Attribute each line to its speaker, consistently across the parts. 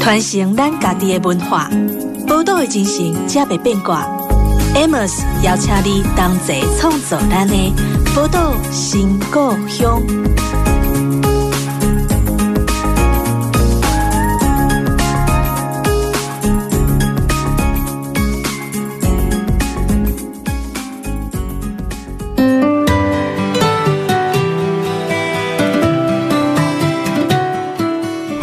Speaker 1: 傳承咱家己的文化，寶島的精神，才會變卦。 Amos 要請你同齊創作咱的寶島新故鄉。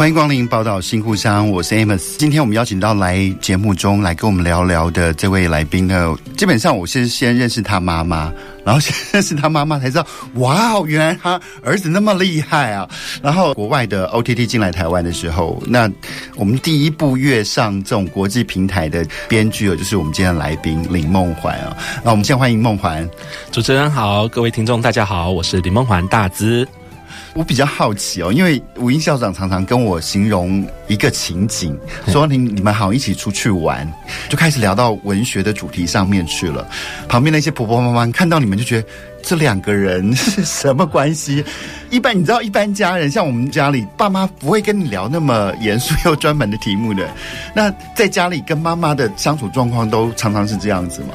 Speaker 2: 歡迎光臨，寶島新故鄉。我是 Amos。今天我們邀請到來節目中來跟我們聊聊的這位來賓呢，基本上我是先，先認識他媽媽，然後先認識他媽媽才知道，哇哦，原來他兒子那麼厲害啊！然後國外的 OTT 進來台灣的時候，那我們第一部躍上這種國際平台的編劇哦，就是我們今天的來賓林孟寰啊。那我們先歡迎孟寰。
Speaker 1: 主持人好，各位聽眾大家好，我是林孟寰大資。我比較
Speaker 2: 好奇哦，因為吳英校長常常跟我形容一個情景，說你你們好一起出去玩，就開始聊到文學的主題上面去了。旁邊那些婆婆媽媽看到你們就覺得。這兩個人是什麼關係？一般你知道，一般家人像我們家裡，爸媽不會跟你聊那麼嚴肅又專門的題目的。那在家裡跟媽媽的相處狀況都常常是這樣子嗎？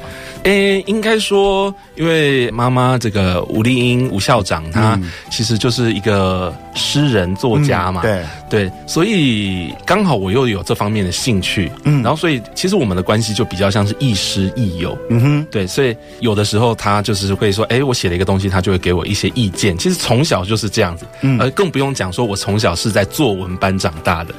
Speaker 2: 誒、欸，應該說，
Speaker 1: 因為媽媽這個吳麗英吳校長，她其實就是一個。詩人、作家嘛，嗯、對對，所以剛好我又有這方面的興趣，嗯，然後所以其實我們的關係就比較像是亦師亦友，嗯哼，對，所以有的時候他就是會說，誒，我寫了一個東西，他就會給我一些意見。其實從小就是這樣子，嗯，而更不用講說我從小是在作文班長大的。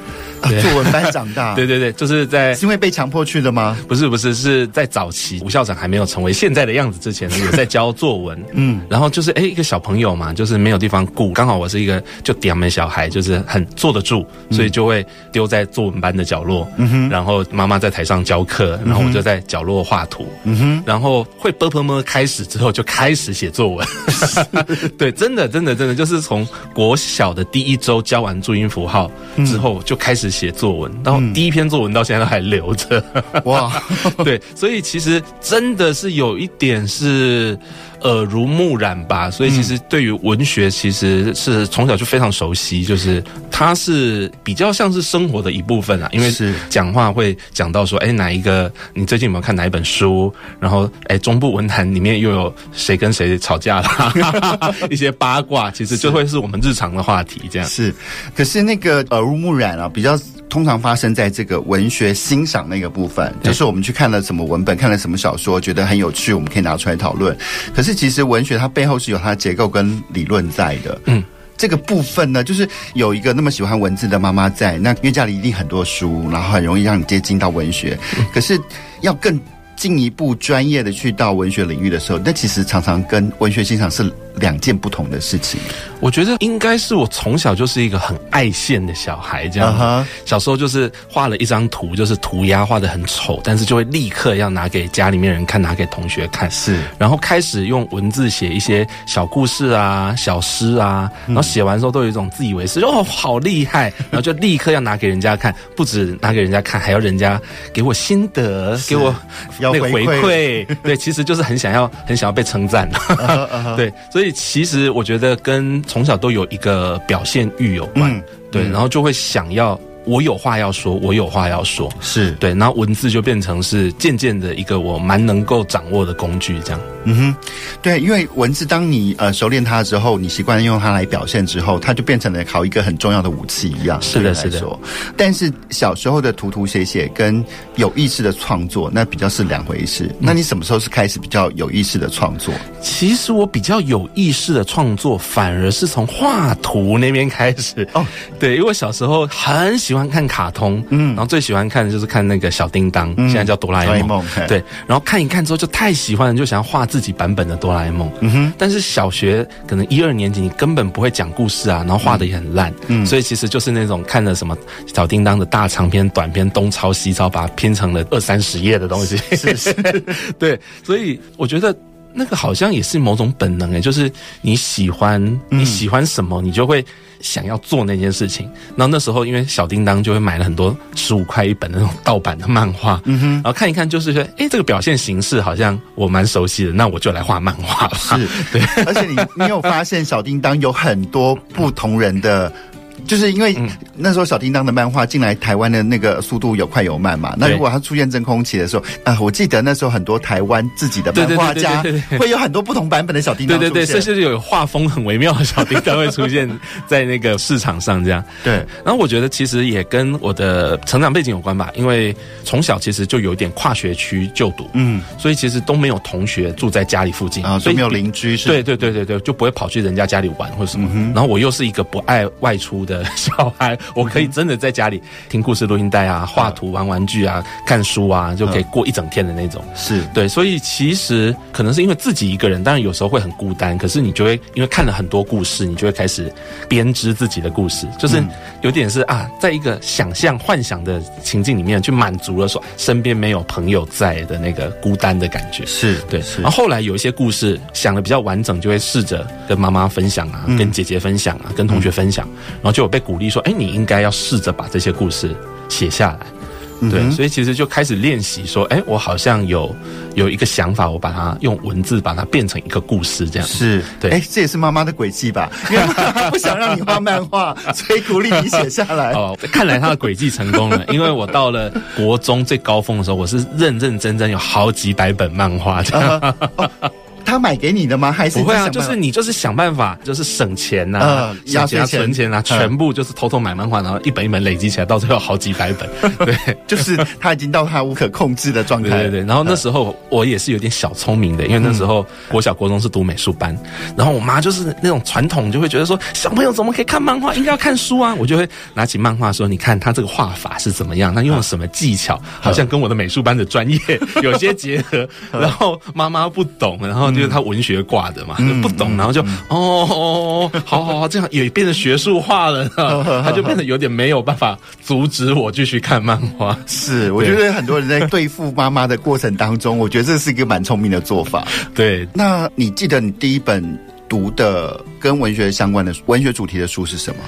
Speaker 1: 對作文班長大，對對對，就是在是因為被強迫去的嗎？不是不是，是在早期吳校長還沒有成為現在的樣子之前，也在教作文。 嗯，然後就是哎，一個小朋友嘛，就是沒有地方顧，剛好我是一個就點名小孩，就是很坐得住、嗯，所以就會丟在作文班的角落。嗯哼然後媽媽在台上教課，然後我就在角落畫圖。嗯哼然後會啵啵麼開始之後就開始寫作文。 對，真的真的真的，就是從國小的第一周教完注音符號之後就開始寫、嗯。嗯寫作文，然後第一篇作文到現在都還留着，哇、嗯， 對，所以其實真的是有一點是。耳濡目染吧，所以其實對於文學，其實是從小就非常熟悉，就是它是比較像是生活的一部分啊。因為是講話會講到說，哎、欸，哪一個你最近有沒有看哪一本書？然後，哎、欸，中部文壇裡面又
Speaker 2: 有誰跟誰吵架了？ 一些八卦，其實就會是我們日常的話題這樣。是，可是那個耳濡目染啊，比較。通常發生在這個文學欣賞那個部分，就是我們去看了什麼文本，看了什麼小說，覺得很有趣，我們可以拿出來討論。可是其實文學它背後是有它的結構跟理論在的。嗯，這個部分呢，就是有一個那麼喜歡文字的媽媽在，那因為家裡一定很多書，然後很容易讓你接近到文學。嗯。可是要更進一步專業的去到文學領域的時候，那其實常常跟文學欣賞是。兩件不同的事情，我覺得應該是我
Speaker 1: 從小就是一個很愛現的小孩，這樣。Uh -huh. 小時候就是畫了一張圖，就是塗鴉畫的很醜，但是就會立刻要拿給家裡面人看，拿給同學看。是，然後開始用文字寫一些小故事啊、小詩啊，嗯、然後寫完之後都有一種自以為是，哦，好厲害，然後就立刻要拿給人家看。 不止拿給人家看，還要人家給我心得，給我那個回饋。回饋 對，其實就是很想要、很想要被稱讚的。 uh -huh, uh -huh. 對，所以。其實我覺得跟從小都有一個表現慾有關，嗯嗯、對，然後就會想要。我有話要說，我有話要說，是，
Speaker 2: 對。然後文字就變成是漸漸的一個我蠻能夠掌握的工具，這樣。嗯哼，對，因為文字，當你呃熟練它之後，你習慣用它來表現之後，它就變成了考一個很重要的武器一樣。是的，是的。但是小時候的塗塗寫寫跟有意識的創作，那比較是兩回事。那你什麼時候是開始比較有意識的創作？嗯，其實我比較有意識的創作，反而是從畫圖那邊
Speaker 1: 開始。 哦，對，因為我小時候很喜歡。喜歡看卡通，嗯，然後最喜歡看的就是看那個小叮噹，嗯，現在叫哆啦 A 夢，嗯，對，okay. 然後看一看之後就太喜歡就想要畫自己版本的哆啦 A 夢，嗯哼，但是小學可能一二年級你根本不會講故事啊，然後畫得也很爛，嗯，所以其實就是那種看了什麼小叮噹的大長篇、短篇，東抄西抄，把它拼成了二三十頁的東西，是是，是， 對，所以我覺得。那個好像也是某種本能誒、欸、就是你喜歡你喜歡什麼，你就會想要做那件事情。嗯、然後那時候因為小叮當就會買了很多十五塊一本的那種盜版的漫畫、嗯，然後看一看，就是說，誒、欸、這個表現形式好像我蠻熟悉的，那我就來
Speaker 2: 畫漫畫吧。是，對，而且你你有發現小叮當有很多不同人的。就是因為那時候小叮當的漫畫進來台灣的那個速度有快有慢嘛。那如果它出現真空期的時候啊，我記得那時候很多台灣自己的漫畫家會有很多不同版本的小叮當，對對對，對，對，對，甚
Speaker 1: 至是有畫風很微妙的小叮當會出現在那個市場上這樣。
Speaker 2: 對，
Speaker 1: 然後我覺得其實也跟我的成長背景有關吧，因為從小其實就有一點跨學區就讀，嗯，所以其實都沒有同學住在家裡附近啊，所以沒有鄰居是，對對對對對，就不會跑去人家家裡玩或者什麼。嗯。然後我又是一個不愛外出的。小孩，我可以真的在家裡聽故事錄音帶啊，畫圖、玩玩具啊、看書啊，就可以過一整天的那種。是對，所以其實可能是因為自己一個人，當然有時候會很孤單，可是你就會因為看了很多故事，你就會開始編織自己的故事，就是有點是啊，在一個想象、幻想的情境裡面，去滿足了說身邊沒有朋友在的那個孤單的感覺。是對，是，然後後來有一些故事想的比較完整，就會試着跟媽媽分享啊，跟姐姐分享啊，跟同學分享，然後就。被鼓勵說：“哎，你應該要試着把這些故事寫下來。對”對、嗯，所以其實就開始練習說：“哎，我好像有有一個想法，我把它用文字把它
Speaker 2: 變成一個故事，這樣是對。”哎，這也是媽媽的詭計吧？媽 媽 不想讓你畫漫畫， 所以鼓勵你寫下來。哦，看來他的詭計成功了。 因為
Speaker 1: 我到了國中最高峰的時候，我是認認真真有好幾百本漫畫的。啊哦
Speaker 2: 他買給你的嗎？還是不會啊？就是
Speaker 1: 你就是想辦法就是省錢吶、啊，要給他存錢啊，全部就是偷偷買漫畫，然後一本一本累積起來，到最後好幾百本。對， 就是他已經到他無可控制的狀態。對對對。然後那時候我也是有點小聰明的，因為那時候國小國中是讀美術班、嗯，然後我媽就是那種傳統，就會覺得說小朋友怎麼可以看漫畫？應該要看書啊！我就會拿起漫畫說：“你看他這個畫法是怎麼樣？他用什麼技巧？好像跟我的美術班的專業有些結合。呵呵”然後媽媽不懂，然後。就是他文學掛的嘛，嗯、不懂、嗯，然後就、嗯、哦，好好好，這樣也變得學術化了， 他就變得有點沒有辦法阻止我繼續看漫畫。是，我覺得很多人在
Speaker 2: 對付媽媽的過程當中，我覺得這是一個蠻聰明的做法。對，那你記得你第一本讀的跟文學相關的文學主題的書是什麼？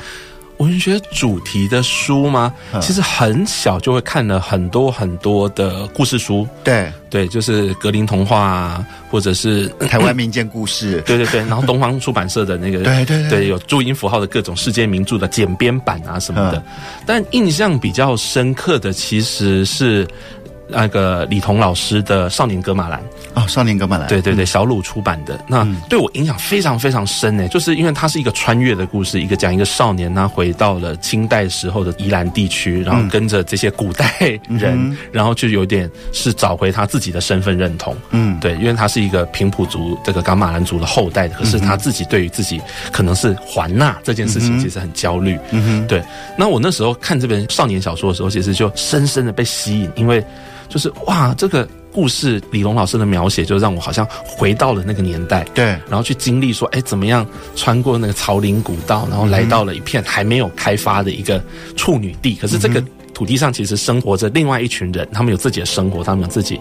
Speaker 2: 文學主題的書嗎？其實很小就會看了很多
Speaker 1: 很多的故事書。對對，就是格林童話啊，或者是台灣民間故事。嗯，對對對，然後東方出版社的那個 對對對。對，有注音符號的各種世界名著的簡編版啊什麼的。嗯，但印象比較深刻的其實是。那個李潼老師的少年噶瑪蘭，哦《少年噶瑪蘭》啊，《少年噶瑪蘭》對對對，嗯、小魯出版的那對我影響非常非常深誒、欸，就是因為它是一個穿越的故事，一個講一個少年呢回到了清代時候的宜蘭地區，然後跟着這些古代人，嗯，然後就有點是找回他自己的身份認同。嗯，對，因為他是一個平埔族這個噶瑪蘭族的後代，可是他自己對於自己可能是環納這件事情其實很焦慮。嗯哼、嗯，對。那我那時候看這本少年小說的時候，其實就深深的被吸引，因為。就是哇，這個故事李龍老師的描寫，就讓我好像回到了那個年代。對，然後去經歷說，哎，怎麼樣穿過那個草嶺古道，然後來到了一片還沒有開發的一個處女地。可是這個土地上其實生活着另外一群人，他們有自己的生活，他們有自己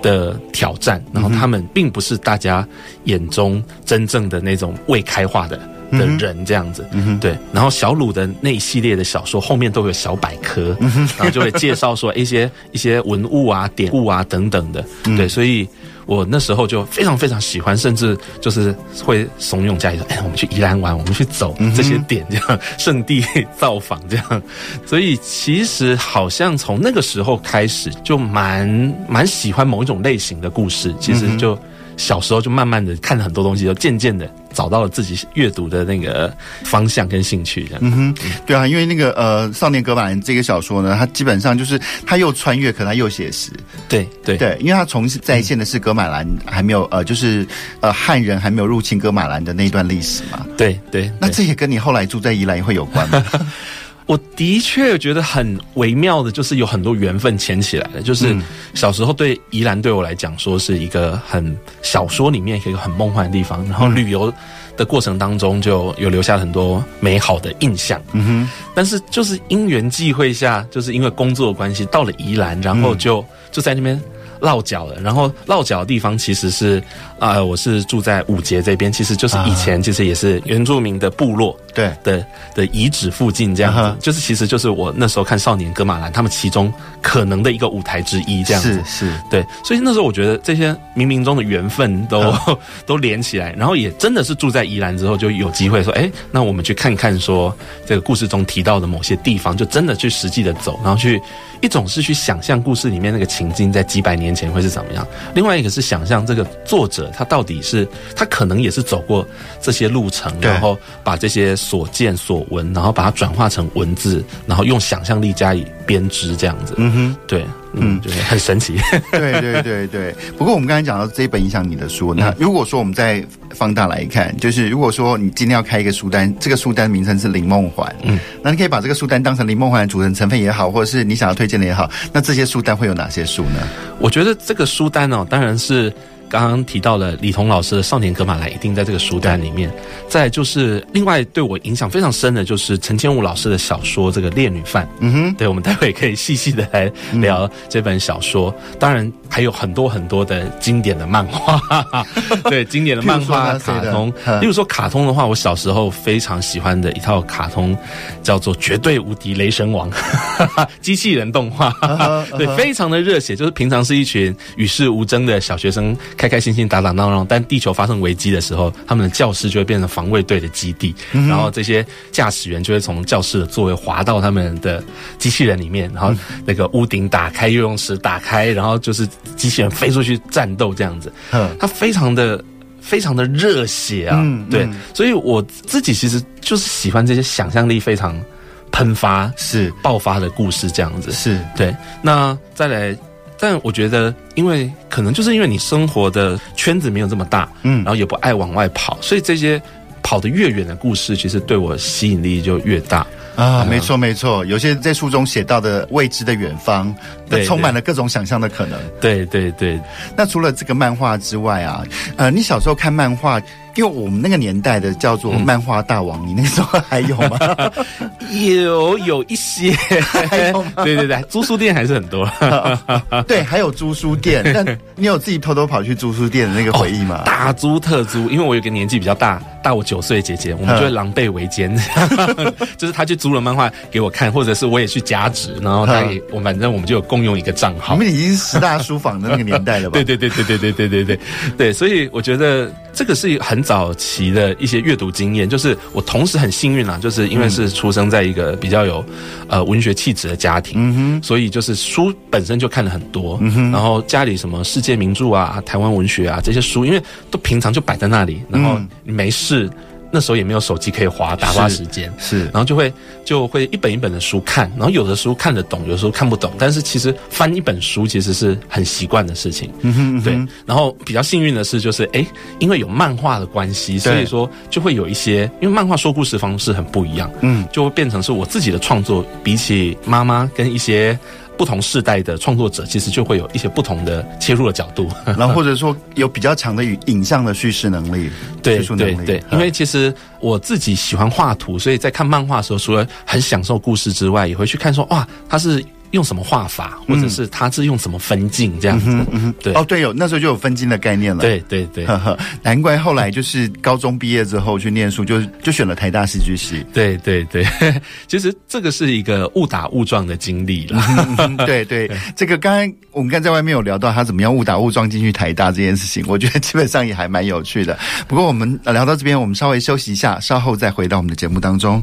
Speaker 1: 的挑戰。然後他們並不是大家眼中真正的那種未開化的。的人這樣子，嗯哼，對，然後小魯的那一系列的小說後面都有小百科，嗯哼，然後就會介紹說一些一些文物啊、典故啊等等的，嗯，對，所以我那時候就非常非常喜歡，甚至就是會慫恿家裡說：“哎、欸，我們去宜蘭玩，我們去走這些點這樣，嗯，聖地造訪這樣。”所以其實好像從那個時候開始就蠻蠻喜歡某一種類型的故事，其實就。嗯小時候就慢慢的
Speaker 2: 看了很多東西，就漸漸的找到了自己閱讀的那個方向跟興趣。嗯哼，對啊，因為那個呃，《少年噶瑪蘭》這個小說呢，它基本上就是他又穿越，可他又寫實。對對對，因為它重再現的是噶瑪蘭、嗯、還沒有呃，就是呃漢人還沒有入侵噶瑪蘭的那一段歷史嘛。對對，對，那這也跟你後來住在宜蘭也會有關嗎？ 我的確覺得很微妙的，就是有很多緣分牽起
Speaker 1: 來的。就是小時候對宜蘭對我來講，說是一個很小說裡面一個很夢幻的地方。然後旅遊的過程當中，就有留下很多美好的印象。
Speaker 2: 嗯哼。
Speaker 1: 但是就是因緣際會下，就是因為工作關係，到了宜蘭，然後就就在那邊落腳了。然後落腳的地方其實是啊、呃，我是住在五結這邊，其實就是以前其實也是原住民的部落。啊對的的遺址附近這樣子，uh -huh. 就是其實就是我那時候看《少年哥馬蘭》噶瑪蘭他們，其中可能的一個舞台之一這樣子，是是，對，所以那時候我覺得這些冥冥中的緣分都、uh -huh. 都連起來，然後也真的是住在宜蘭之後就有機會說，哎，那我們去看看說這個故事中提到的某些地方，就真的去實際的走，然後去一種是去想象故事裡面那個情境在幾百年前會是怎麼樣，另外一個是想象這個作者他到底是他可能也是走過這些路程，然後把這些。所見所聞，然後
Speaker 2: 把它轉化成文字，然後用想象力加以編織，這樣子。嗯哼，對，嗯，就是很神奇、嗯。 對對對對。不過我們剛才講到這一本影響你的書，那如果說我們再放大來看，就是如果說你今天要開一個書單，這個書單名稱是《林孟寰》。嗯，那你可以把這個書單當成《林孟寰》的組成成分也好，或者是你想要推薦的也好，那這些書單會有哪些書呢？
Speaker 1: 我覺得這個書單哦，當然是。剛剛提到了李潼老師的《少年噶瑪蘭》，一定在這個書單裡面。再來就是另外對我影響非常深的，就是陳千武老師的小說《這個獵女犯》。嗯哼，對，我們待會也可以細細的來聊這本小說。嗯、當然還有很多很多的經典的漫畫，嗯、 對經典的漫畫、 卡通。例如說卡通的話，我小時候非常喜歡的一套卡通叫做《絕對無敵雷神王，》 機器人動畫， 對，非常的熱血。就是平常是一群與世無爭的小學生。開開心心打打鬧鬧，但地球發生危機的時候，他們的教室就會變成防衛隊的基地，嗯、然後這些駕駛員就會從教室的座位滑到他們的機器人裡面，然後那個屋頂打開，游泳池打開，然後就是機器人飛出去戰鬥，這樣子。嗯，他非常的非常的熱血啊嗯嗯，對，所以我自己其實就是喜歡這些想象力非常噴發、是爆發的故事，這樣子。是對，那、再來。但我覺得，因為可能就是因為你生活的圈子沒有這麼大，嗯，然
Speaker 2: 後也不愛往外跑，所以這些跑得越遠的故事，其實對我吸引力就越大啊！嗯、沒錯沒錯，有些在書中寫到的未知的遠方，對對對，都充滿了各種想象的可能。對對對。那除了這個漫畫之外啊，呃，你小時候看漫畫。因為我們那個年代的叫做漫畫大王、嗯，你那時候還有嗎？有有一些有，對對對，租書店還是很多。
Speaker 1: 哦、哈
Speaker 2: 哈對，還有租書店，但你有自己偷偷跑去租書店的那個回憶嗎？哦、大租
Speaker 1: 特租，因為我有個年紀比較大、大我九歲的姐姐，我們就會狼狽為奸哈哈，就是她去租了漫畫給我看，或者是我也去加值，然後她也，反正我們就有共用一個賬號。
Speaker 2: 我們已經十大書坊的那個年
Speaker 1: 代了吧？呵呵對對對對對對對對對對，所以我覺得這個是很。早期的一些閱讀經驗，就是我同時很幸運啦，啊，就是因為是出生在一個比較有呃文學氣質的家庭，嗯，所以就是書本身就看了很多，嗯，然後家裡什麼世界名著啊、台灣文學啊這些書，因為都平常就擺在那裡，然後沒事。嗯那時候也沒有手機可以滑打花打發時間，是，然後就會就會一本一本的書看，然後有的時候看得懂，有的時候看不懂，但是其實翻一本書其實是很習慣的事情，嗯哼嗯哼，對。然後比較幸運的是，就是誒、欸、因為有漫畫的關係，所以說就會有一些，因為漫畫說故事方式很不一樣，嗯，就會變成是我自己的創作，比起媽媽跟一些。不同世代的創作者其實就會有一些不同的切入的角度，然後或者說有比較強的影像的敘事能力。 對，敘述能力。對，對，對， 因為其實我自己喜歡畫圖，所以在看漫畫的時候，除了很享受故事之外，也會去看說哇，它是。用什麼畫法，或者是他是
Speaker 2: 用什麼分鏡這樣子。嗯哼嗯哼，對。哦，對，有那時候就有分鏡的概念了。對對對，呵呵，難怪後來就是高中畢業之後去念書，就就選了台大戲劇系。對對對，其實這個是一個誤打誤撞的經歷啦。嗯、對，對對，這個剛剛我們剛在外面有聊到他怎麼樣誤打誤撞進去台大這件事情，我覺得基本上也還蠻有趣的。不過我們聊到這邊，我們稍微休息一下，稍後再回到我們的節目當中。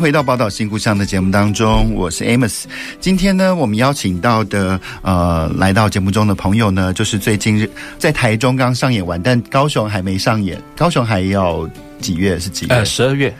Speaker 2: 回到《寶島新故鄉》的節目當中，我是 Amos。今天呢，我們邀請到的呃，來到節目中的朋友呢，就是最近在台中剛上演完，但高雄還沒上演，高雄還要幾月？是幾月？呃，十二月。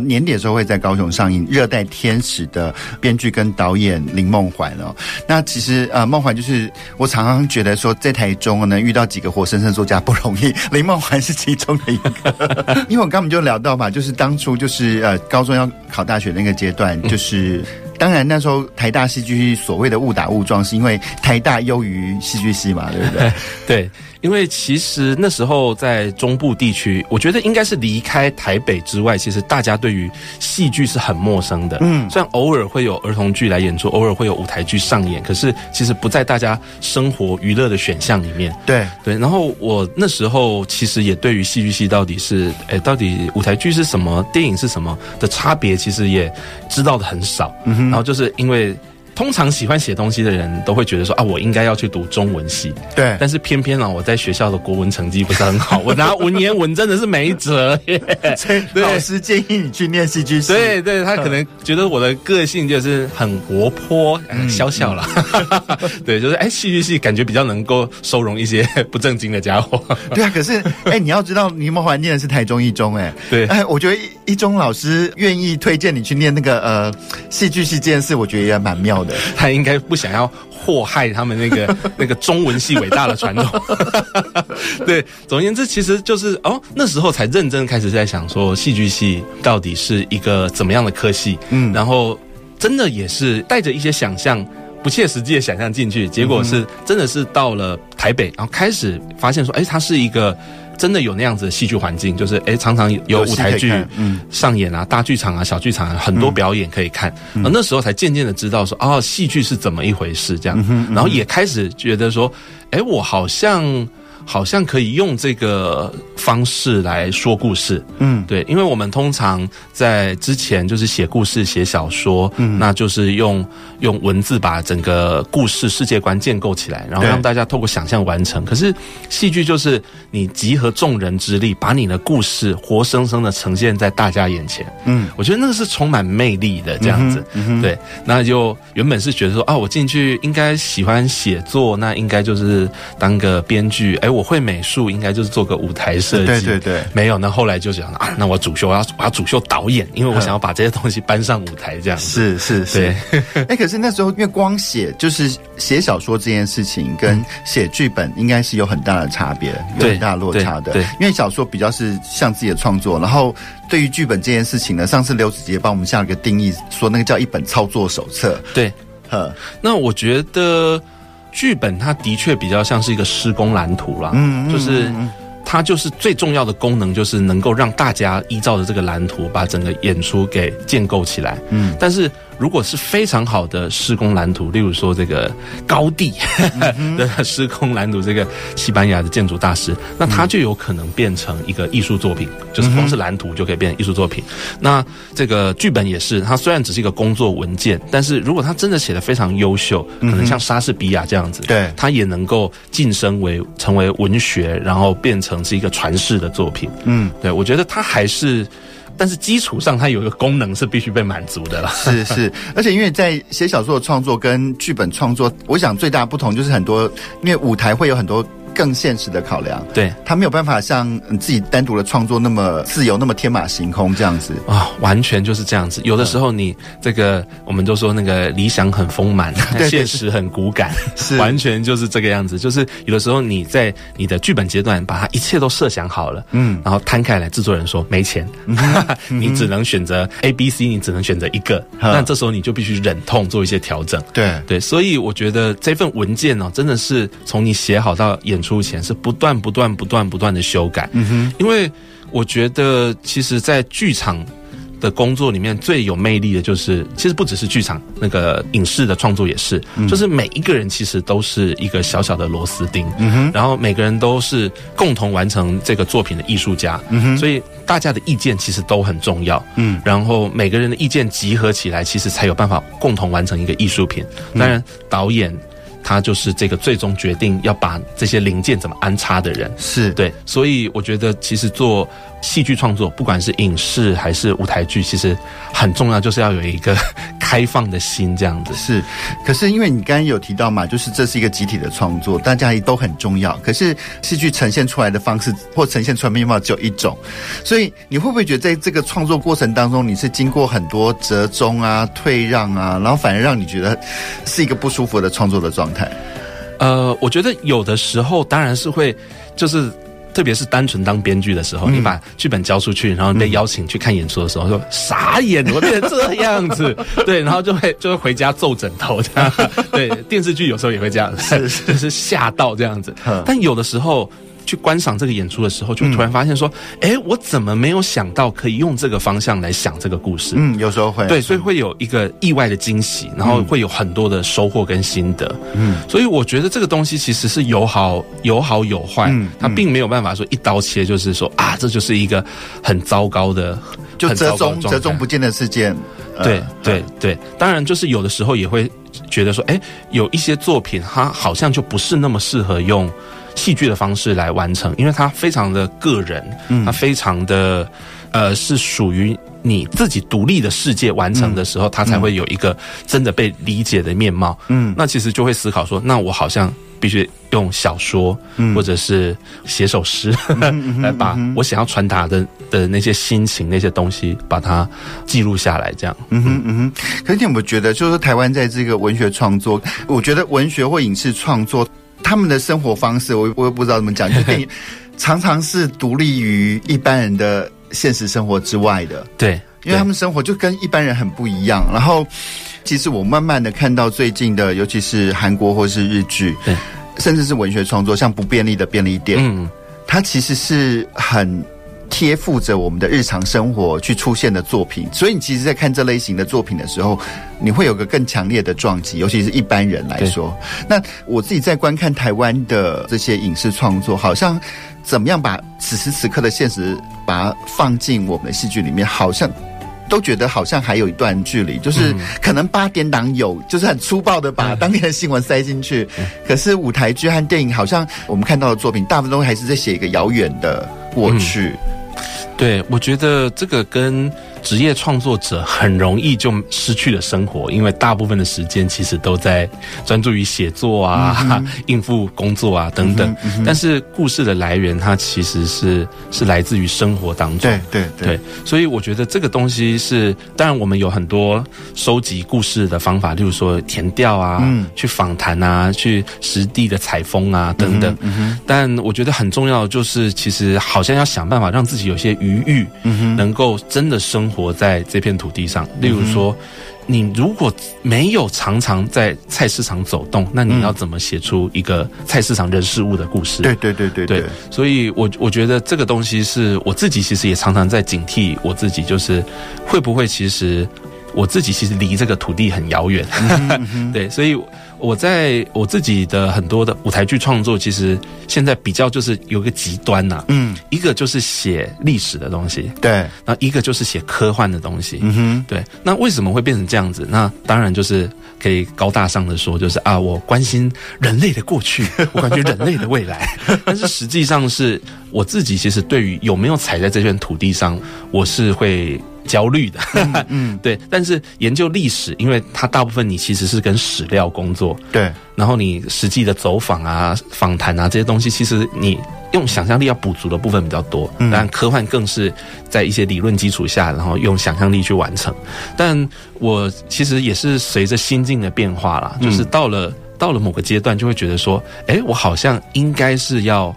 Speaker 2: 年底的時候會在高雄上映《熱帶天使》的編劇跟導演林孟寰哦。那其實啊，孟、呃、寰就是我常常覺得說，在台中能遇到幾個活生生作家不容易，林孟寰是其中的一個。 因為我剛剛就聊到嘛，就是當初就是呃，高中要考大學那個階段，就是、嗯、當然那時候台大戲劇所謂的誤打誤撞，是因為台大優於戲劇系嘛，對不對？ 對。因為其實那時候在中部地區，我覺得應該是離開台北之外，
Speaker 1: 其實大家對於戲劇是很陌生的。嗯，雖然偶爾會有兒童劇來演出，偶爾會有舞台劇上演，可是其實不在大家生活娛樂的選項裡面。對對。然後我那時候其實也對於戲劇系到底是誒，到底舞台劇是什麼，電影是什麼的差別，其實也知道的很少。嗯哼。然後就是因為。通常喜歡寫東西的人都會覺得說啊，我應該要去讀中文系。對，但是偏偏呢，我在學校的國文成績不是很好， 我拿文言文真的是沒轍耶。老師
Speaker 2: 建議你去念戲劇系。對對，他可能
Speaker 1: 覺得我的個性就是很活潑，小、哎、小、嗯、了。嗯嗯、 對，就是哎，戲劇系感覺比較能夠收容一些不正
Speaker 2: 經的家伙。對啊，可是哎，你要知道，你有沒有懷念的是台中一中哎。對，哎，我覺得一中老師願意推薦你去念那個呃戲劇系這件事，我覺得也蠻妙的。他應該不想要禍害他們那個那個中文系偉大的傳統。
Speaker 1: 對，總而言之，其實就是哦，那時候才認真開始在想說戲劇系到底是一個怎麼樣的科系。嗯，然後真的也是帶着一些想象、不切實際的想象進去，結果是真的是到了台北，然後開始發現說，誒，他是一個。真的有那樣子的戲劇環境，就是哎、欸，常常有舞台劇上演啊，大劇場啊，小劇場啊，很多表演可以看。嗯、而那時候才漸漸的知道說，哦，戲劇是怎麼一回事這樣、嗯嗯，然後也開始覺得說，哎、欸，我好像。好像可以用這個方式來說故事，嗯，對，因為我們通常在之前就是寫故事、寫小說，嗯，那就是用用文字把整個故事世界觀建構起來，然後讓大家透過想象完成。可是戲劇就是你集合眾人之力，把你的故事活生生的呈現在大家眼前，嗯，我覺得那個是充滿魅力的這樣子，嗯嗯，對。那就原本是覺得說啊，我進去應該喜歡寫作，那應該就是當個編劇，哎。我會美術，應該就是做個舞台設計。對對對，沒有。那後來就想啊，那我主修我要我要主修導演，因為我想要把這些東西搬上舞台這樣子。是是是。哎
Speaker 2: 欸，可是那時候因為光寫就是寫小說這件事情，跟寫劇本應該是有很大的差別，有很大的落差的。對，對，因為小說比較是像自己的創作，然後對於劇本這件事情呢，上次劉子杰幫我們下了個定義，說那個叫一本操作手冊。對，嗯，那我覺
Speaker 1: 得。劇本它的確比較像是一個施工藍圖啦，啊，嗯，就是它就是最重要的功能，就是能夠讓大家依照着這個藍圖把整個演出給建構起來，嗯，但是。如果是非常好的施工藍圖，例如說這個高第的施工藍圖，這個西班牙的建築大師，那它就有可能變成一個藝術作品，就是光是藍圖就可以變藝術作品。那這個劇本也是，它雖然只是一個工作文件，但是如果它真的寫得非常優秀，可能像莎士比亞這樣子，對，他也能夠晉升為成為文學，然後變成是一個傳世的作品。嗯，對我覺得他還是。但是
Speaker 2: 基礎上，它有一個功能是必須被滿足的啦，是是，而且因為在寫小說的創作跟劇本創作，我想最大不同就是很多，因為舞台會有很多。更現實的考量，對，他沒有辦法像你自己單獨的創作那麼自由，那麼天馬行空這樣子啊、哦，完
Speaker 1: 全就是這樣子。有的時候你這個，我們都說那個理想很豐滿，對對對，現實很骨感，是完全就是這個樣子。就是有的時候你在你的劇本階段把它一切都設想好了，嗯，然後攤開來，制作人說沒錢，嗯嗯、 你只能選擇 A、B、C，你只能選擇一個，那這時候你就必須忍痛做一些調整。對對，所以我覺得這份文件呢、哦，真的是從你寫好到演。演出前是不斷不斷不斷不斷的修改，嗯哼，因為我覺得其實，在劇場的工作裡面最有魅力的就是，其實不只是劇場那個影視的創作也是、嗯，就是每一個人其實都是一個小小的螺絲釘，嗯哼，然後每個人都是共同完成這個作品的藝術家，嗯哼，所以大家的意見其實都很重要，嗯，然後每個人的意見集合起來，其實才有辦法共同完成一個藝術品。當然，導演。嗯他就是這個最終決定要把這些零件怎麼安插的人。是對，所以我覺得其實做戲劇創作，不管是影視還
Speaker 2: 是舞台劇，其實很重要，就是要有一個開放的心，這樣子是。可是，因為你剛剛有提到嘛，就是這是一個集體的創作，大家也都很重要。可是，戲劇呈現出來的方式或呈現出來的面貌只有一種，所以你會不會覺得，在這個創作過程當中，你是經過很多折中啊、退讓啊，然後反而讓你覺得是一個不舒服的創作的狀態？
Speaker 1: 呃，我覺得有的時候當然是會，就是。特別是單純當編劇的時候，嗯、你把劇本交出去，然後被邀請去看演出的時候，嗯、說傻眼，怎麼變成這樣子？ 對，然後就會就會回家揍枕頭這樣對，電視劇有時候也會這樣， 就是是嚇到這樣子。 但有的時候。去觀賞這個演出的時候，就會突然發現說：“哎，我怎麼沒有想到可以用這個方向來想這個故事？”嗯，有時候會，對，所以會有一個意外的驚喜，嗯、然後會有很多的收穫跟心得。嗯，所以我覺得這個東西其實是有好有好有壞，嗯，它並沒有辦法說一刀切，就是說啊，這就是一個很糟糕的，就折中折中
Speaker 2: 不見的事件，呃、對
Speaker 1: 對對，嗯。當然，就是有的時候也會覺得說，哎，有一些作品它好像就不是那麼適合用。戲劇的方式來完成，因為它非常的個人，它、嗯、非常的，呃，是屬於你自己獨立的世界，完成的時候，它、嗯、才會有一個真的被理解的面貌。嗯，那其實就會思考說，那我好像必須用小說，嗯、或者是寫首詩、嗯、 來把我想要傳達的的那些心情、那些東西，
Speaker 2: 把它記錄下來。這樣，嗯嗯嗯。嗯嗯可是你有沒有覺得，就是台灣在這個文學創作，我覺得文學或影視創作，他們的生活方式，我我也不知道怎麼講，就等於常常是獨立於一般人的現實生活之外的 對。對，因為他們生活就跟一般人很不一樣。然後，其實我慢慢的看到最近的，尤其是韓國或是日劇，對，甚至是文學創作，像《不便利的便利店》，嗯，它其實是很。貼附着我們的日常生活去出現的作品，所以你其實，在看這類型的作品的時候，你會有個更強烈的撞擊，尤其是一般人來說。那我自己在觀看台灣的這些影視創作，好像怎麼樣把此時此刻的現實把它放進我們的戲劇裡面，好像。都覺得好像還有一段距離，就是可能八點檔有、嗯，就是很粗暴的把當年的新聞塞進去、嗯，可是舞台劇和電影好像我們看到的作品，大部分都還是在寫一個遙遠的過去、嗯。
Speaker 1: 對，我覺得這個跟。職業創作者很容易就失去了生活，因為大部分的時間其實都在專注於寫作啊、嗯、啊、應付工作啊等等、嗯嗯，但是故事的來源，它其實是是來自於生活當中。對對、對、對，所以我覺得這個東西是，當然我們有很多收集故事的方法，例如說田調啊、嗯、去訪談啊、去實地的采風啊等等、嗯嗯，但我覺得很重要的就是，其實好像要想辦法讓自己有些餘裕、嗯，能夠真的生活。活在這片土地上，例如說，你如果沒有常常在菜市場走動，那你要怎麼寫出一個菜市場人事物的故事？對對對對對，對，對。所以我我覺得這個東西是，我自己其實也常常在警惕我自己，就是會不會其實我自己其實離這個土地很遙遠。 對，所以。我在我自己的很多的舞台劇創作，其實現在比較就是有一個極端吶、啊，嗯，一個就是寫歷史的東西，對，那一個就是寫科幻的東西，嗯哼，對，那為什麼會變成這樣子？那當然就是可以高大上的說，就是啊，我關心人類的過去，我關心人類的未來， 但是實際上是我自己其實對於有沒有踩在這片土地上，我是會。焦慮的，嗯，對，但是研究歷史，因為它大部分你其實是跟史料工作，對，然後你實際的走訪啊、訪談啊這些東西，其實你用想象力要補足的部分比較多。嗯，當然科幻更是在一些理論基礎下，然後用想象力去完成。但我其實也是隨着心境的變化啦，就是到了、嗯、到了某個階段，就會覺得說，誒，我好像應該是要。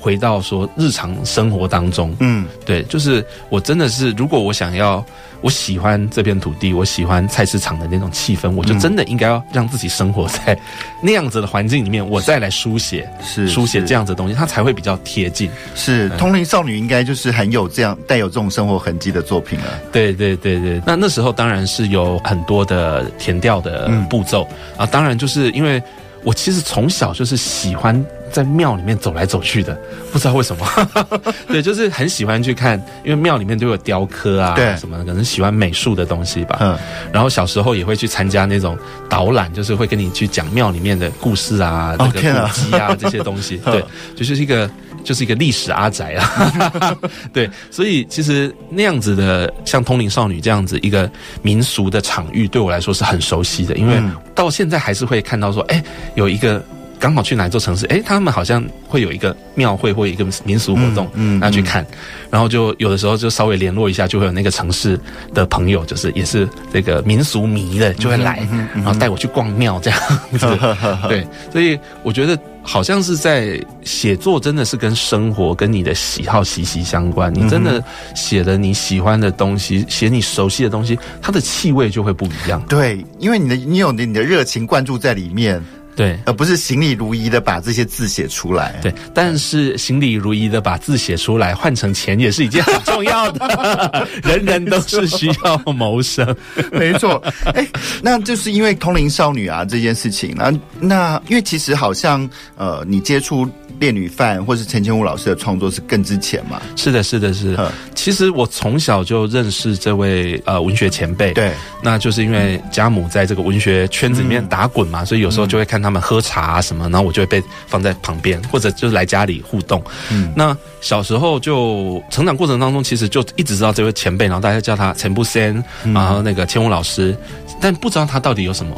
Speaker 1: 回到說日常生活當中，嗯，對，就是我真的是，如果我想要，我喜歡這片土地，我喜歡菜市場的那種氣氛，嗯，我就真的應該要讓自
Speaker 2: 己生活在那樣子的環境裡面，我再來書寫，是書寫這樣子的東西，它才會比較貼近。是《通，嗯，靈少女》應該就是很有這樣帶有這種生活痕跡的作品了啊。
Speaker 1: 對對對對，那那時候當然是有很多的田調的步驟，嗯、啊，當然就是因為我其實從小就是喜歡。在廟裡面走來走去的，不知道為什麼， 對，就是很喜歡去看，因為廟裡面都有雕刻啊，對，什麼的，可能喜歡美術的東西吧。嗯，然後小時候也會去參加那種導覽，就是會跟你去講廟裡面的故事啊，嗯、這個古蹟啊、okay、 這些東西。對，就是一個就是一個歷史阿宅啊。 對，所以其實那樣子的，像通靈少女這樣子一個民俗的場域，對我來說是很熟悉的，因為到現在還是會看到說，哎、欸，有一個。剛好去哪一座城市？哎、欸，他們好像會有一個廟會或一個民俗活動，嗯，嗯，那去看。然後就有的時候就稍微聯絡一下，就會有那個城市的朋友，就是也是這個民俗迷的，就會來，然後帶我去逛廟這樣子。對， 對，所以我覺得好像是在寫作，真的是跟生活跟你的喜好息息相關。你真的寫的你喜歡的東西，
Speaker 2: 寫你熟悉的東西，它的氣味就會不一樣。對，因為你的你有你的熱情灌注在裡面。對，而不是行禮如儀的把這些字寫出來。對，嗯、但是行禮如儀的把字寫出來，換成錢也是一件很重要的。 人人都是需要謀生， 沒錯、欸。那就是因為通靈少女啊這件事情、啊、那那因為其實好像呃，你接觸。《獵女犯》，或是陳千武老師的創作是更之前嘛？是的，是的是，是。其實我從小就認識
Speaker 1: 這位呃文學前輩，對，那就是因為家母在這個文學圈子裡面打滾嘛、嗯，所以有時候就會看他們喝茶、啊、什麼，然後我就會被放在旁邊、嗯，或者就是來家裡互動。嗯，那小時候就成長過程當中，其實就一直知道這位前輩，然後大家叫他陳不仙、嗯，然後那個千武老師，但不知道他到底有什麼。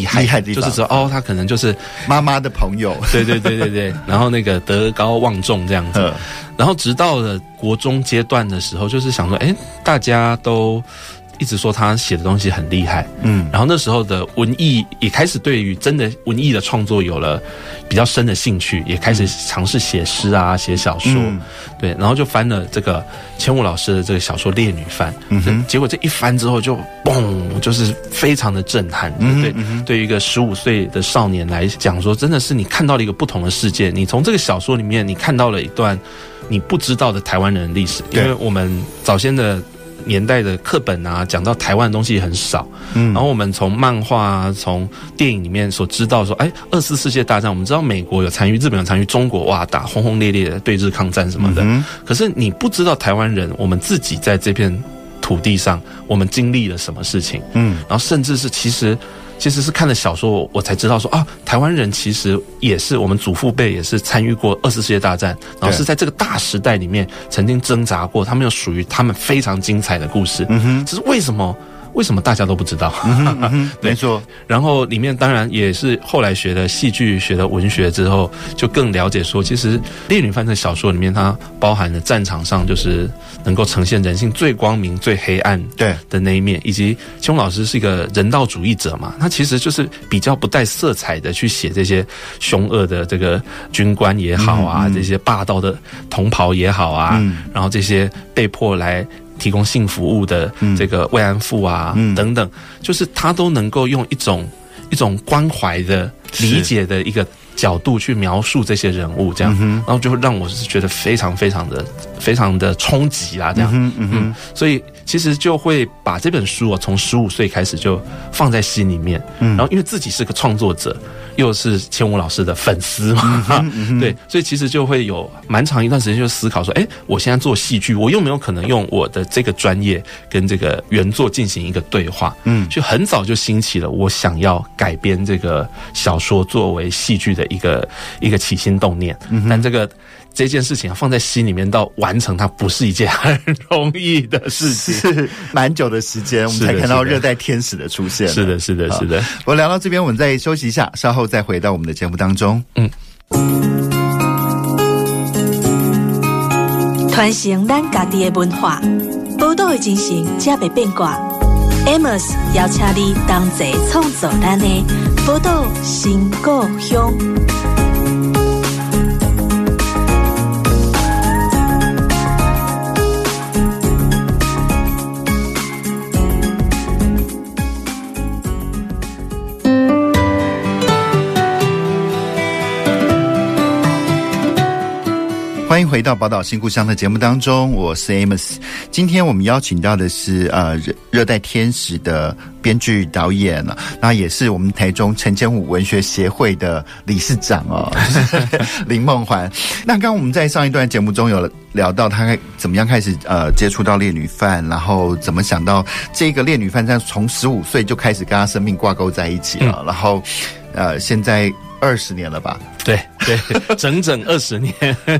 Speaker 1: 厲害厲害的地方，就是說哦，他可能就是媽媽的朋友，對對對對對，然後那個德高望重這樣子， 然後直到了國中階段的時候，就是想說，哎，大家都。一直說他寫的東西很厲害，嗯，然後那時候的文藝也開始對於真的文藝的創作有了比較深的興趣，也開始嘗試寫詩啊，寫、嗯、小說，對，然後就翻了這個千武老師的這個小說《獵女犯》，嗯，結果這一翻之後就嘣，就是非常的震撼，對對嗯，嗯，對，對於一個十五歲的少年來講說，真的是你看到了一個不同的世界，你從這個小說裡面你看到了一段你不知道的台灣人歷史，因為我們早先的。年代的課本啊，講到台灣的東西很少。嗯，然後我們從漫畫、啊、從電影裡面所知道，說，哎、欸，二次世界大戰，我們知道美國有參與，日本有參與，中國哇，打轟轟烈烈的對日抗戰什麼的。嗯，可是你不知道台灣人，我們自己在這片土地上，我們經歷了什麼事情？嗯，然後甚至是其實。其實是看了小說，我才知道說啊，台灣人其實也是我們祖父輩也是參與過二次世界大戰，然後是在這個大時代裡面曾經掙扎過，他們有屬於他們非常精彩的故事。嗯哼，這是為什麼？為什麼大家都不知道？嗯嗯、 沒錯。然後裡面當然也是後來學的戲劇、學的文學之後，就更了解說，其實《獵女犯》放在小說裡面，它包含了戰場上就是能夠呈現人性最光明、最黑暗對的那一面。以及邱老師是一個人道主義者嘛，他其實就是比較不帶色彩的去寫這些兇惡的這個軍官也好啊、嗯嗯，這些霸道的同袍也好啊，嗯、然後這些被迫來。提供性服務的這個慰安婦啊、嗯，等等，就是他都能夠用一種一種關懷的、嗯、理解的一個角度去描述這些人物，這樣、嗯，然後就會讓我是覺得非常非常的非常的衝擊啊，這樣，嗯嗯，嗯，所以其實就會把這本書哦、喔，從十五歲開始就放在心裡面，然後因為自己是個創作者。又是千武老師的粉絲嘛，嗯哼嗯哼，對，所以其實就會有蠻長一段時間就思考說，哎、欸，我現在做戲劇，我有沒有可能用我的這個專業跟這個原作進行一個對話，嗯，就很早就興起了我想要改編這個小說作為戲劇的一個一個起心動念，但這個。嗯這件事情要放在心裡面，到完成它不是一件很
Speaker 2: 容易的事情是，是 蠻久的時間，我們才看到熱帶天使的出現。是的，是的。是的，是的，是的。我聊到這邊，我們再休息一下，稍後再回到我們的節目當中。嗯。
Speaker 1: 傳承咱家己的文化，寶島的精神才袂變卦。Amos，邀請你同齊創造咱的寶島
Speaker 2: 新故鄉。歡迎回到《寶島新故鄉》的節目當中，我是 Amos。今天我們邀請到的是呃熱帶天使的編劇導演，那也是我們台中陳千武文學協會的理事長哦 林孟寰。那剛剛我們在上一段節目中有聊到，他怎麼樣開始呃接觸到獵女犯，然後怎麼想到這個獵女犯，這從十五歲就開始跟他生命掛鈎在一起了。嗯、然後呃現在。二十年了吧？對對，整整二十年。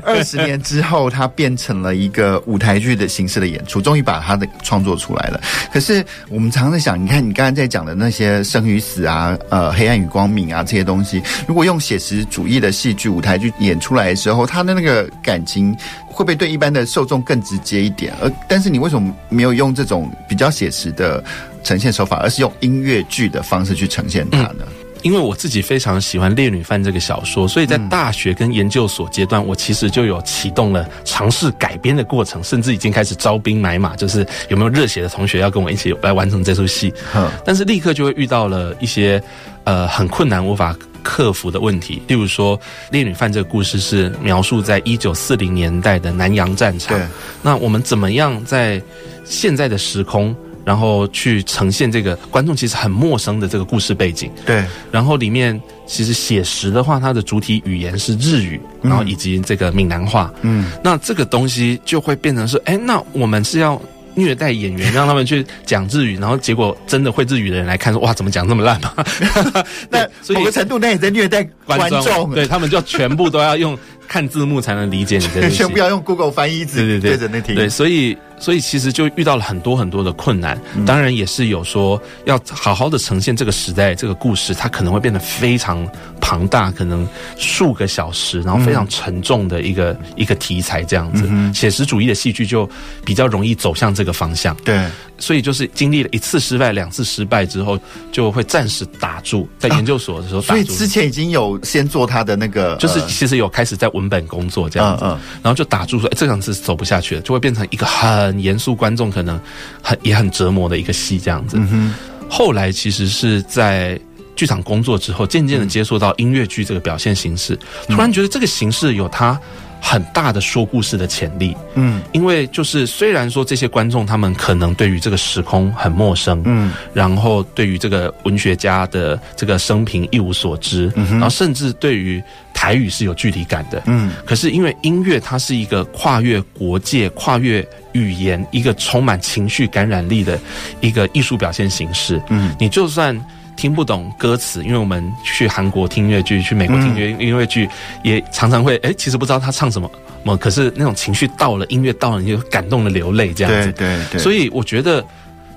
Speaker 2: 二十年之後，它變成了一個舞台劇的形式的演出，終於把它的創作出來了。可是我們常常在想，你看你剛剛在講的那些生與死啊，呃，黑暗與光明啊這些東西，如果用寫實主義的戲劇舞台劇演出來的時候，它的那個感情會不會對一般的受眾更直接一點？而但是你為什麼沒有用這種比較寫實的呈現手法，而是用音樂劇的方式去呈現它呢？嗯因為我
Speaker 1: 自己非常喜歡《獵女犯》這個小說，所以在大學跟研究所階段，嗯，我其實就有啟動了嘗試改編的過程，甚至已經開始招兵買馬，就是有沒有熱血的同學要跟我一起來完成這出戲，嗯。但是立刻就會遇到了一些呃很困難無法克服的問題，例如說《獵女犯》這個故事是描述在一九四零年代的南洋戰場，那我們怎麼樣在現在的時空，然後去呈現這個觀眾其實很陌生的這個故事背景，對。然後裡面其實寫實的話，它的主體語言是日語、嗯，然後以及這個閩南話。嗯。那這個東西就會變成是，哎，那我們是要虐待演員，讓他們去講日語，然後結果真的會日語的人來看說，哇，怎麼講這麼爛嘛？ 那
Speaker 2: 某個程度那也在虐待觀眾，觀眾觀眾對
Speaker 1: 他們就全部都要用看字幕才能理解你的東西，全部要
Speaker 2: 用 Google 翻譯字，對對對，對對，所
Speaker 1: 以。所以其實就遇到了很多很多的困難，當然也是有說要好好的呈現這個時代這個故事，它可能會變得非常龐大，可能數個小時，然後非常沉重的一個、嗯、一個題材這樣子。寫實主義的戲劇就比較容易走向這個方向。對。所以就是經歷了一次失敗、兩次失敗之後，就會暫時打住。在研究所的時候打住，啊，所以之前
Speaker 2: 已經有先做他的那個，就是其
Speaker 1: 實有開始在文本工作這樣子，嗯嗯，然後就打住說，哎，這場是走不下去了，就會變成一個很嚴肅、觀眾可能很也很折磨的一個戲這樣子，嗯。後來其實是在劇場工作之後，漸漸的接觸到音樂劇這個表現形式，嗯，突然覺得這個形式有它。很大的說故事的潛力，嗯，因為就是雖然說這些觀眾他們可能對於這個時空很陌生，嗯，然後對於這個文學家的這個生平一無所知，嗯，然後甚至對於台語是有距離感的，嗯，可是因為音樂它是一個跨越國界、跨越語言，一個充滿情緒感染力的一個藝術表現形式，嗯，你就算。聽不懂歌詞，因為我們去韓國聽樂劇，去美國聽樂、嗯、音樂劇，也常常會哎，其實不知道他唱什麼，麼？可是那種情緒到了，音樂到了，你就感動的流淚這樣子。對對對。所以我覺得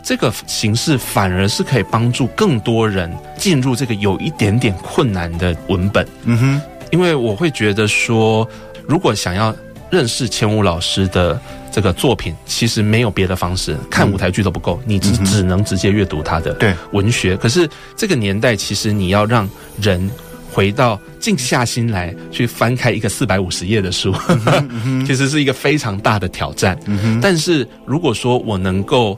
Speaker 1: 這個形式反而是可以幫助更多人進入這個有一點點困難的文本。嗯哼。因為我會覺得說，如果想要。認識千武老師的這個作品，其實沒有別的方式，嗯、看舞台劇都不夠，你只、嗯、只能直接閱讀他的文學對。可是這個年代，其實你要讓人回到靜下心來去翻開一個四百五十頁的書呵呵、嗯，其實是一個非常大的挑戰、嗯哼。但是如果說我能夠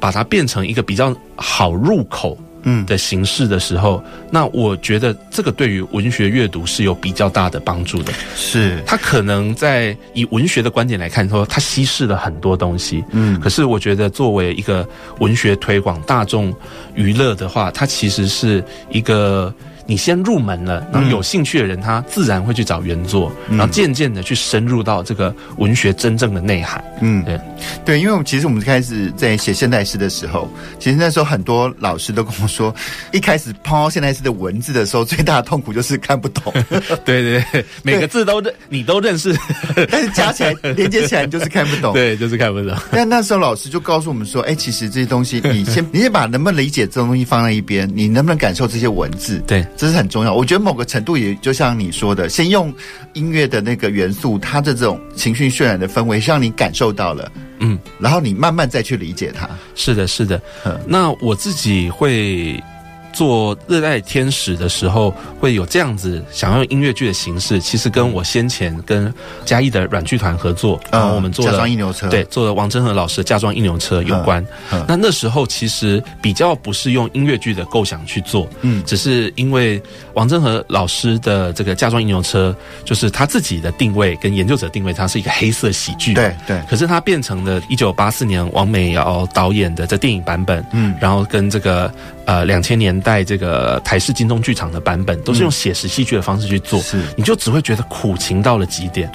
Speaker 1: 把它變成一個比較好入口。嗯的形式的時候，那我覺得這個對於文學閱讀是有比較大的幫助的。是，它可能在以文學的觀點來看說，它稀釋了很多東西。嗯，可是我覺得作為一個文學推廣、大眾娛樂的話，它其實是一個。你先入門了，然後有興趣的人，他自然會去找原作，嗯、然後漸漸的去深入
Speaker 2: 到這個文學真正的內涵。嗯，對，對，因為我們其實我們開始在寫現代詩的時候，其實那時候很多老師都跟我說，一開始拋現代詩的文字的時候，最大的痛苦就是看不懂。 對對，對，對，每個字都認，你都認識， 但是加起來連接起來就是看不懂。 對，就是看不懂。但那時候老師就告訴我們說，哎、欸，其實這些東西，你先你先把能不能理解這種東西放在一邊，你能不能感受這些文字？對。這是很重要，我覺得某個程度也就像你說的，先用音樂的那個元素，它的這種情緒渲染的氛圍，讓你感受到了，嗯，然後你慢慢再去理解它。是的，是的，嗯。那我自己會，做《熱帶天使》的
Speaker 1: 時候，會有這樣子想要用音樂劇的形式，其實跟我先前跟嘉義的阮劇團合作，啊、嗯，然後我們做了嫁妝一牛車，對，做了王禎和老師的《嫁妝一牛車》有關。那那時候其實比較不是用音樂劇的構想去做，嗯，只是因為王禎和老師的這個《嫁妝一牛車》就是他自己的定位跟研究者的定位，它是一個黑色喜劇，對對。可是它變成了1984年王美瑤導演的這電影版本，嗯，然後跟這個。呃，兩千年代這個台視京東劇場的版本，都是用寫實戲劇的方式去做，嗯，你就只會覺得苦情到了極點，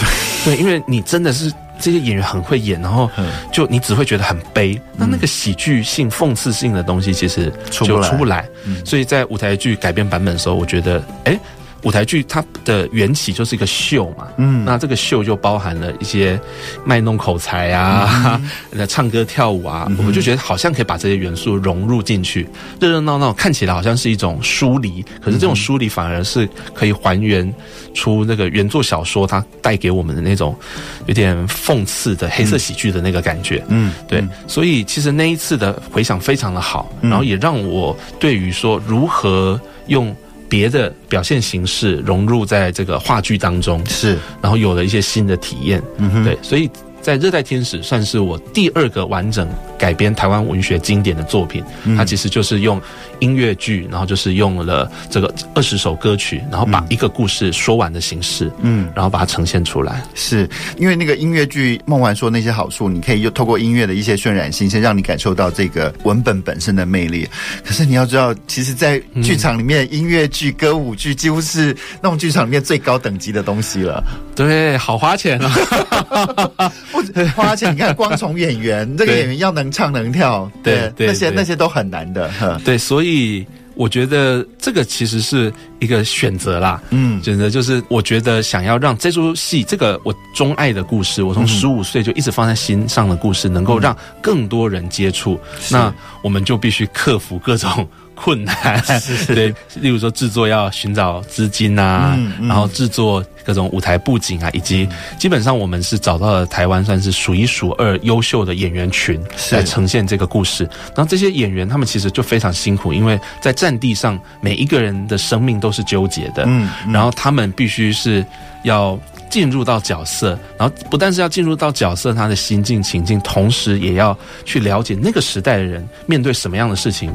Speaker 1: 對， 對，因為你真的是這些演員很會演，然後就你只會覺得很悲，嗯、那那個喜劇性、諷刺性的東西其實就出不來，出來、嗯，所以，在舞台劇改編版本的時候，我覺得，哎。舞台劇它的緣起就是一個秀嘛，嗯，那這個秀就包含了一些賣弄口才啊、嗯、唱歌跳舞啊、嗯，我們就覺得好像可以把這些元素融入進去，嗯、熱熱鬧鬧，看起來好像是一種疏離，可是這種疏離反而是可以還原出那個原作小說它帶給我們的那種有點諷刺的黑色喜劇的那個感覺，嗯，對，嗯、所以其實那一次的回響非常的好、嗯，然後也讓我對於說如何用。別的表現形式融入在這個話劇當中，是，然後有了一些新的體驗，嗯哼，對，所以。在《熱帶天使》算是我第二個完整改編台灣文學經典的作品，嗯、它其實就是用音樂劇，然後就是用了這個二
Speaker 2: 十首歌曲，然後把一個故事說完的形式，嗯，然後把它呈現出來。是因為那個音樂劇，孟寰說那些好處，你可以又透過音樂的一些渲染性，先讓你感受到這個文本本身的魅力。可是你要知道，其實，在劇場裡面，嗯、音樂劇、歌舞劇幾乎是那種劇場裡面最高等級的東西了。
Speaker 1: 對，好花錢啊。
Speaker 2: 不花錢，你看光從演員， 這個演員要能唱能跳，對，對，對那些對那些都很難的對
Speaker 1: 對。對，所以我覺得這個其實是一個選擇啦。嗯，選擇就是我覺得想要讓這出戲，這個我鍾愛的故事，我從十五歲就一直放在心上的故事，嗯、能夠讓更多人接觸、嗯，那我們就必須克服各種。困難，對，例如說製作要尋找資金啊、嗯嗯，然後製作各種舞台佈景啊，以及基本上我們是找到了台灣算是數一數二優秀的演員群，來呈現這個故事。然後這些演員他們其實就非常辛苦，因為在戰地上每一個人的生命都是糾結的，嗯，嗯然後他們必須是要進入到角色，然後不但是要進入到角色他的心境情境，同時也要去了解那個時代的人面對什麼樣的事情。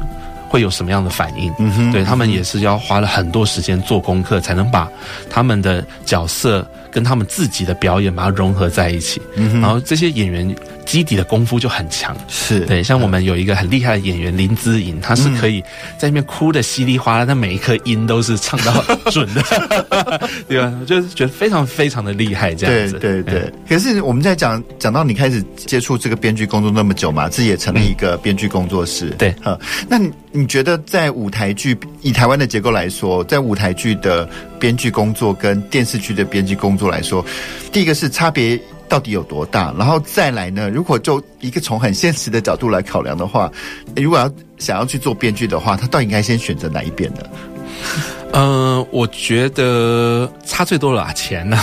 Speaker 1: 會有什麼樣的反應？嗯哼，對，他們也是要花了很多時間做功課，才能把他們的角色跟他們自己的表演把它融合在一起。嗯哼，然後這些演員。基底的功夫就很強，是對。像我們有一個很厲害的演員林子穎，嗯，他是可以在那邊哭得稀里嘩啦，但每一顆音都是唱到準的， 對吧？就是覺得非常非常的厲害這樣子。對
Speaker 2: 對對，對。可是我們在講講到你開始接觸這個編劇工作那麼久嘛，自己也成立一個編劇工作室。對，哈、嗯。那你你覺得在舞台劇以台灣的結構來說，在舞台劇的編劇工作跟電視劇的編劇工作來說，第一個是差別到底有多大？然後再來呢？如果就一個從很現實的角度來考量的話，如果要想要去做編劇的話，他到底應該先選擇哪一邊呢？ 嗯、
Speaker 1: 呃，我覺得差最多了啊，錢、uh.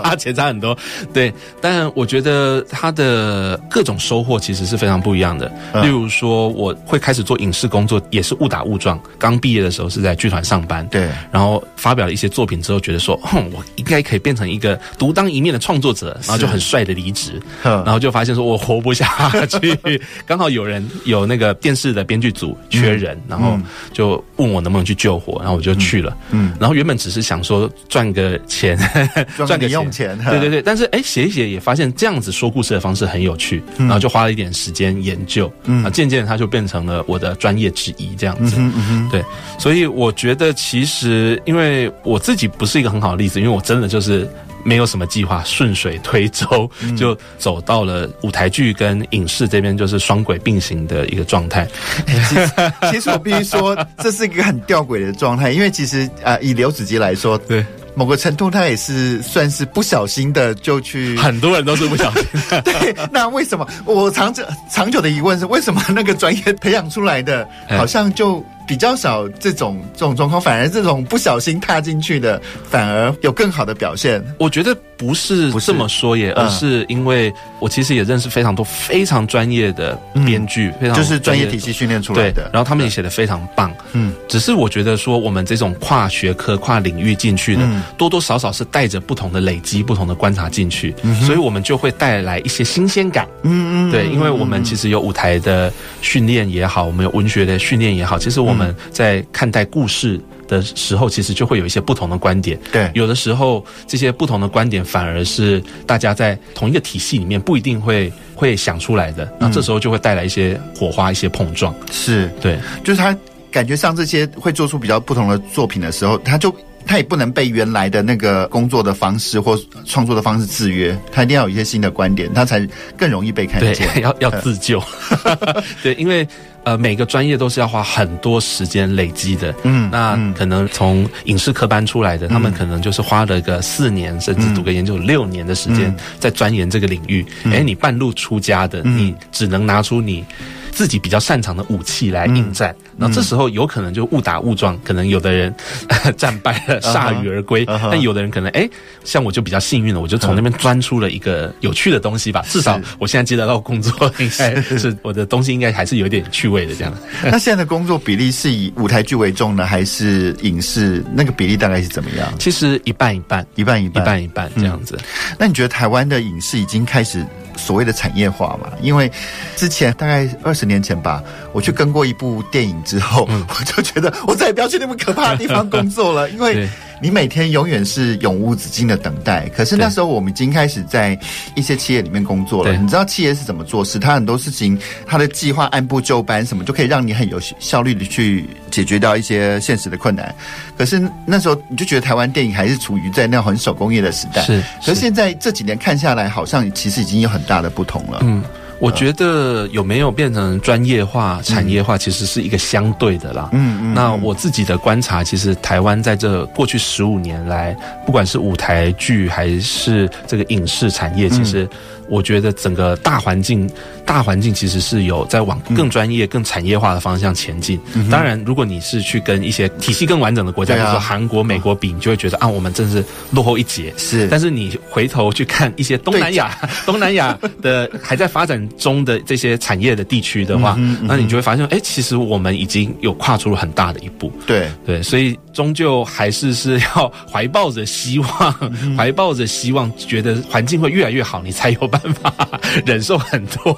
Speaker 1: 哈錢差很多。對，但我覺得他的各種收穫其實是非常不一樣的。Uh. 例如說，我會開始做影視工作，也是誤打誤撞。剛畢業的時候是在劇團上班，對，然後發表了一些作品之後，覺得說，哼，我應該可以變成一個獨當一面的創作者，然後就很帥的離職，uh. 然後就發現說我活不下去。 剛好有人有那個電視的編劇組缺人、嗯，然後就問我能不能去救火，然後我就去了。嗯嗯，然後原本只是想說，賺個錢，賺個錢
Speaker 2: 賺個用錢，賺個錢，對
Speaker 1: 對對。但是哎，寫一寫也發現這樣子說故事的方式很有趣，嗯、然後就花了一點時間研究，啊、嗯，漸漸它就變成了我的專業之一這樣子。嗯，嗯，對，所以我覺得其實，因為我自己不是一個很好的例子，因為我真的就是。沒有什麼計劃，順水推舟、嗯、就走到了舞台劇跟影視這邊，就是雙軌並行的一個
Speaker 2: 狀態、哎其實。其實我必須說，這是一個很弔詭的狀態，因為其實啊、呃，以劉子杰來說，對某個程度他也是算是不小心的就去，很多人都是不小心。 對，那為什麼我長久長久的疑問是，為什麼那個專業培養出來的、哎、好像就？比較少這種這種狀況，反而這種不小心踏進去的，反而有更好的表現。我覺得不是不這麼說也，
Speaker 1: 而是因為我其實也認識非常多非常專業的編劇、嗯，非常就是專業體系訓練出來的對，然後他們也寫的非常棒。嗯，只是我覺得說我們這種跨學科跨領域進去的、嗯，多多少少是帶着不同的累積、不同的觀察進去、嗯，所以我們就會帶來一些新鮮感。嗯嗯，嗯，嗯，嗯嗯，對，因為我們其實有舞台的訓練也好，我們有文學的訓練也好，其實我。他們在看待故事的時候，其實就會有一些不同的觀點。對，有的時候這些不同的觀點，反而是大家在同一個體系裡面不一定會會想出來的。那這時候就會帶來一些火花，一些
Speaker 2: 碰撞。是對，就是他感覺上這些會做出比較不同的作品的時候，他就。他也不能被原來的那個工作的方式或創作的方式制約，他一定要有一些新的觀點，他才更容易被看見。對，要，要自
Speaker 1: 救，
Speaker 2: 對，因為
Speaker 1: 呃，每個專業都是要花很多時間累積的。嗯，那可能從影視科班出來的，嗯、他們可能就是花了個四年、嗯，甚至讀個研究六年的時間在鑽研這個領域。嗯、誒，你半路出家的，嗯、你只能拿出你。自己比較擅長的武器來應戰，嗯嗯、然後這時候有可能就誤打誤撞，可能有的人呵呵戰敗了，鎩羽而歸，嗯嗯，但有的人可能誒、欸，像我就比較幸運了，我就從那邊鑽出了一個有趣的東西吧。嗯、至少我現在接得到工作，是，是，是我的東西應該還是有點
Speaker 2: 趣味的。這樣， 那現在的工作比例是以舞台劇為重呢，還是影視那個比例大概是怎麼樣？其實一半一半，一半一半，一半一半這樣子。嗯、那你覺得台灣的影視已經開始？所謂的產業化嘛，因為之前大概二十年前吧，我去跟過一部電影之後，嗯，我就覺得我再也不要去那麼可怕的地方工作了， 因為。你每天永遠是永無止境的等待，可是那時候我們已經開始在一些企業裡面工作了。你知道企業是怎麼做事？他很多事情，他的計劃按部就班，什麼就可以讓你很有效率的去解決到一些現實的困難。可是那時候你就覺得台灣電影還是處於在那種很手工業的時代。是，是，可是現在這幾年看下來，好像其實已經有很大的不同了。嗯。
Speaker 1: 我覺得有沒有變成專業化、產業化，其實是一個相對的啦。嗯嗯，嗯。那我自己的觀察，其實台灣在這過去十五年來，不管是舞台劇還是這個影視產業，其實我覺得整個大環境，大環境其實是有在往更專業、更產業化的方向前進。嗯嗯、當然，如果你是去跟一些體系更完整的國家，比、嗯、如說韓國、嗯、美國比，你就會覺得啊，我們真是落後一截。是。但是你回頭去看一些東南亞，東南亞的還在發展。 中的這些產業的地區的話、嗯嗯，那你就會發現，哎、欸，其實我們已經有跨出了很大的一步。對對，所以終究還是是要懷抱着希望，懷、嗯、抱着希望，覺得環境會越來越好，你才有辦法忍受很多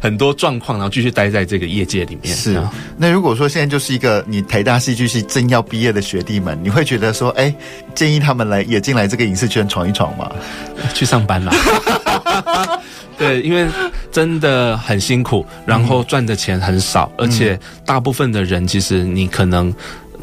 Speaker 1: 很多狀況，然後繼續待在這個業界
Speaker 2: 裡面。是啊，那如果說現在就是一個你台大戲劇系正要畢業的學弟們，你會覺得說，哎、欸，建議他們來也進來這個影視圈闖一闖嗎？去上班啦。 對，因為真的很辛苦，然後賺的錢很
Speaker 1: 少，嗯、而且大部分的人其實你可能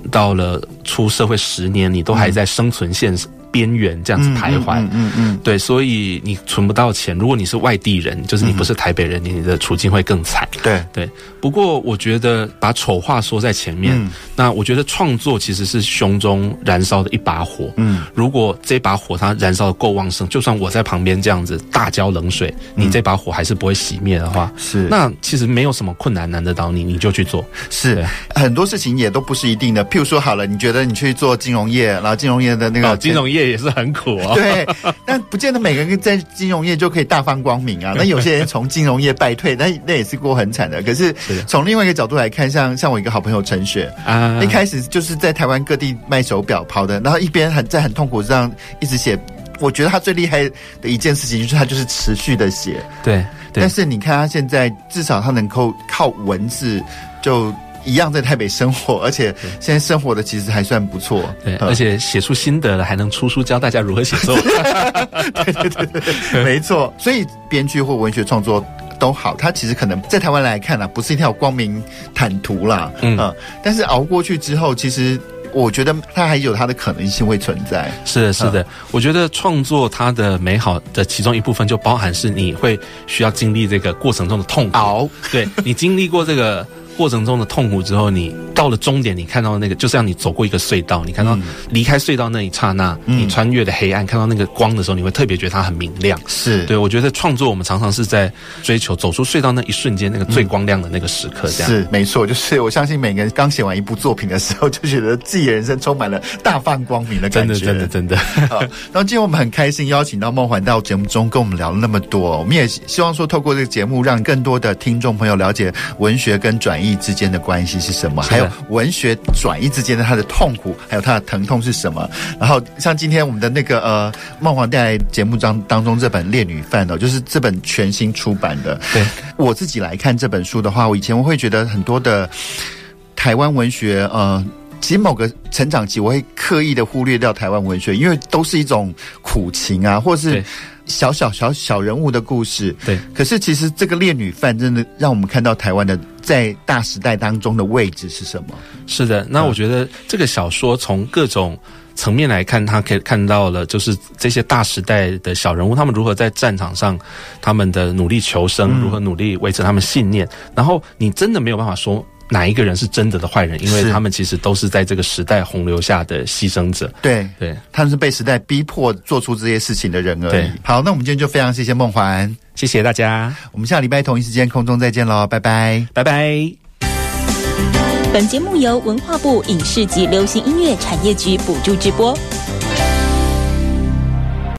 Speaker 1: 到了出社會十年，你都還在生存線上。嗯嗯邊緣這樣子徘徊。嗯，嗯嗯，嗯，對，所以你存不到錢。如果你是外地人，就是你不是台北人，你的處境會更慘。對、嗯、對。不過我覺得把醜話說在前面，嗯、那我覺得創作其實是胸中燃燒的一把火。嗯。如果這把火它燃燒的夠旺盛，就算我在旁邊這樣子大澆冷水，你這把火還是不會熄滅的話，是、嗯。那其
Speaker 2: 實沒有什麼困難難得到你，你就去做。是。很多事情也都不是一定的。譬如說，好了，你覺得你去做金融業，然後金融業的那個、哦、金融業。也是很苦啊，哦，對，但不見得每個人在金融業就可以大放光明啊。 那有些人從金融業敗退，那那也是過很慘的。可是從另外一個角度來看，像像我一個好朋友陳雪啊，一開始就是在台灣各地賣手錶跑的，然後一邊很在很痛苦這樣一直寫。我覺得他最厲害的一件事情就是他就是持續的寫，對。對，但是你看他現在至少他能夠靠文字就。一樣在台北生活，而且現在生活的其實還算不錯。對，嗯、而且寫出心得了，還能出書教大家如何寫作。 對對對， 沒錯。所以編劇或文學創作都好，它其實可能在台灣來看啊，不是一條光明坦途啦，嗯。嗯，但是熬過去之後，其實我覺得它還有它的可能性會存在。是的，嗯、是的，
Speaker 1: 我覺得創作它的美好的其中一部分，就包含是你會需要經歷這個過程中的痛苦。熬。對，你經歷過這個過程中的痛苦之後，你到了終點，你看到那個，就是、像你走過一個隧道，你看到離開隧道那一剎那，嗯、你穿越的黑暗，看到那個光的時候，你會特別覺得它很明亮。是，對我覺得創作，我們常常是在追求走出隧道那一瞬間那個最光亮的那個時刻這樣。是，
Speaker 2: 沒錯，就是我相信每個人剛寫完一部作品的時候，就覺得自己人生充滿了大放光明的感覺，真的，真的，真的。 然後今天我們很開心邀請到孟寰到節目中跟我們聊了那麼多，我們也希望說透過這個節目，讓更多的聽眾朋友了解文學跟轉譯。之間的關係是什麼？還有文學轉譯之間的他的痛苦，還有他的疼痛是什麼？然後像今天我們的那個呃，孟寰帶節目當當中這本《獵女犯》哦，就是這本全新出版的。對我自己來看這本書的話，我以前我會覺得很多的台灣文學呃。其實某個成長期，我會刻意的忽略掉台灣文學，因為都是一種苦情啊，或是小小小小人物的故事。對，對，可是其實這個《獵女犯》真的讓我們看到台灣的在大時代當中的位置是什麼？是的，那我覺得這個小說從各種
Speaker 1: 層面來看，它可以看到了，就是這些大時代的小人物，他們如何在戰場上，他們的努力求生，如何努力維持他們信念。嗯、然後你真的沒有辦法
Speaker 2: 說。哪一個人是真的的壞人？因為他們其實都是在這個時代洪流下的犧牲者。對對，他們是被時代逼迫做出這些事情的人而已。對，好，那我們今天就非常謝謝孟寰，謝謝大家，我們下禮拜同一時間空中再見嘍，拜拜拜拜。本節目由文化部影視及流行音樂產業局補
Speaker 1: 助直播。